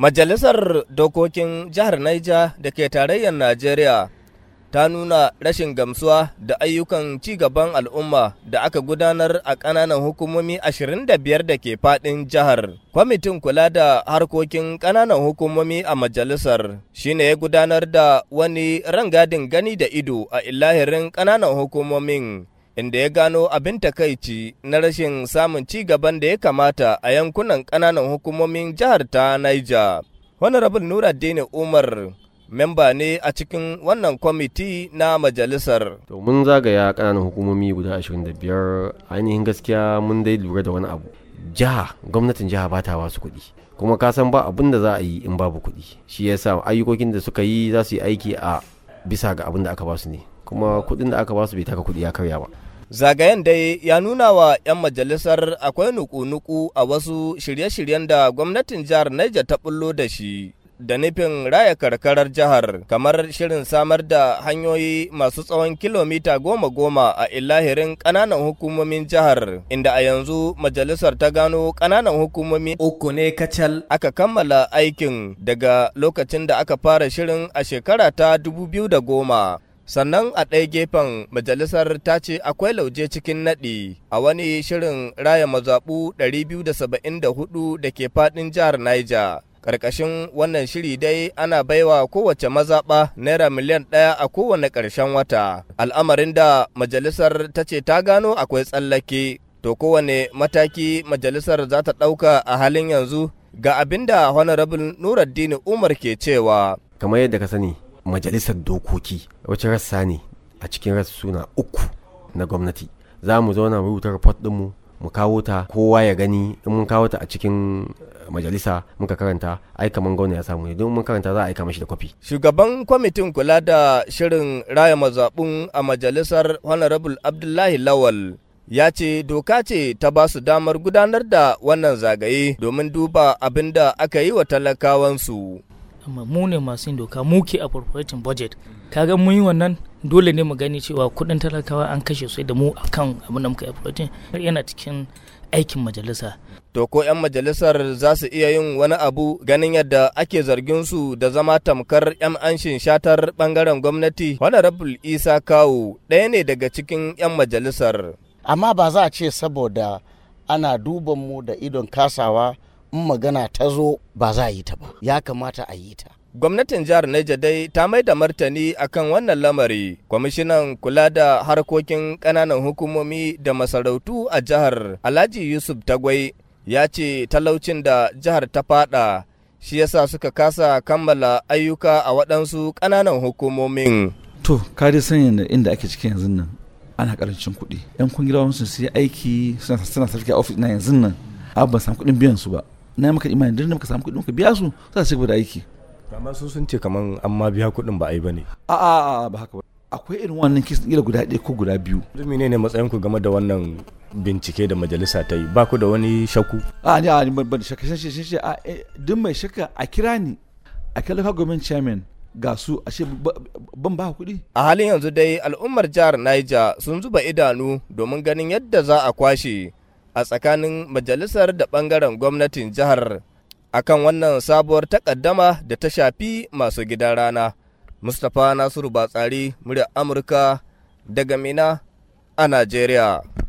Majalisar Dokokin Jihar Naija da ke tarayyar Najeriya ta nuna rashin gamsuwa da ayyukan cigaban al'umma da aka gudanar a ƙananan hukumomi 25 da ke faɗin jihar. Kwamitin kula da harkokin ƙananan hukumomi a majalisar shine ya gudanar da wani rangadin gani da ido a ilahirin ƙananan hukumomin inda ya gano abin takaici na rashin samun ci gaban da ya kamata a yankunan kananan hukumomin jihar ta Niger. Honorable Dini Umar memba ne a cikin wannan kwamiti na majalisar. To mun zagaya ƙananan hukumomi guda 25 ainihin gaskiya mun dai lura da wani abu. Jiha gwamnatin jiha ba ta wasu kuɗi kuma ka san ba abin da za a yi in babu kuɗi shi yasa ayyukokin da suka yi za su yi aiki a bisa ga abin da aka ba su ne kuma kuɗin da aka ba su bai taka kuɗi ya karya ba zagayen dai ya nuna wa 'yan majalisar akwai nuku-nuku a wasu shirye-shiryen da gwamnatin jihar Niger ta bullo da shi da nufin raya karkarar jihar kamar shirin samar da hanyoyi masu tsawon kilomita goma-goma a ilahirin ƙananan hukumomin jihar inda a yanzu majalisar ta gano ƙananan hukumomi uku ne kacal aka kammala aikin daga lokacin da aka fara shirin a shekara ta 2010 sannan a ɗaya gefen majalisar ta ce akwai lauje cikin naɗi a wani shirin raya mazaɓu 274 da ke faɗin jihar niger ƙarƙashin wannan shiri dai ana baiwa kowace mazaɓa naira miliyan ɗaya a kowane ƙarshen wata al'amarin da majalisar ta ce ta gano akwai tsallake to kowane mataki majalisar za ta ɗauka a halin yanzu ga abin da honorable nuruddin umar ke cewa kamar yadda ka sani majalisar dokoki wacce rassa ne a cikin rassuna uku na gwamnati za mu zauna mu rubuta report ɗinmu mu kawo ta kowa ya gani in mun kawo ta a cikin eh, majalisa muka karanta ai kaman gwamna ya samu ne don mun karanta za a aika mashi da kwafi. Shugaban kwamitin kula da shirin raya mazaɓun a majalisar Honorable Abdullahi Lawal ya ce doka ce ta ba su damar gudanar da wannan zagaye domin duba abin da aka yi wa talakawansu. kuma mu ne masu yin doka mu ke appropriating budget kaga mun yi wannan dole ne mu gani cewa kuɗin talakawa an kashe su da mu akan abin da muka appropriating yana cikin aikin majalisa to ko 'yan majalisar za su iya yin wani abu ganin yadda ake zargin su da zama tamkar 'yan anshin shatar ɓangaren gwamnati honorable isa kawo ɗaya ne daga cikin 'yan majalisar amma ba za a ce saboda ana duban mu da idon kasawa in magana ta zo ba za a yi ta ba ya kamata a yi ta gwamnatin jihar Niger dai ta mai da martani akan wannan lamari kwamishinan kula da harkokin ƙananan hukumomi da masarautu a jihar alhaji yusuf tagwai ya ce talaucin da jihar ta fada shi yasa suka kasa kammala ayyuka a waɗansu ƙananan hukumomin to kari sanya inda ake cikin yanzu nan ana karancin kuɗi yan kungiyar sun sai aiki suna sarki a ofis na yanzu nan abban san kuɗin biyan su ba na maka imani da muka samu kuɗin ka biya su za su da aiki amma su sun ce kaman an ma biya kuɗin ba a yi bane a a ba haka ba akwai irin wannan kisan ila guda ɗaya ko guda biyu duk ne matsayin ku game da wannan bincike da majalisa ta yi ba ku da wani shakku a ni a ni ban shakka shi shi a duk mai shakka a kira ni a kira local government chairman ga su ashe ban ba kuɗi. A halin yanzu dai al'ummar jihar Niger sun zuba idanu domin ganin yadda za a kwashe a tsakanin majalisar da ɓangaren gwamnatin jihar akan wannan sabuwar takaddama da ta shafi masu gidan rana. Mustapha Nasiru Batsari, murya Amurka daga Mina a Najeriya.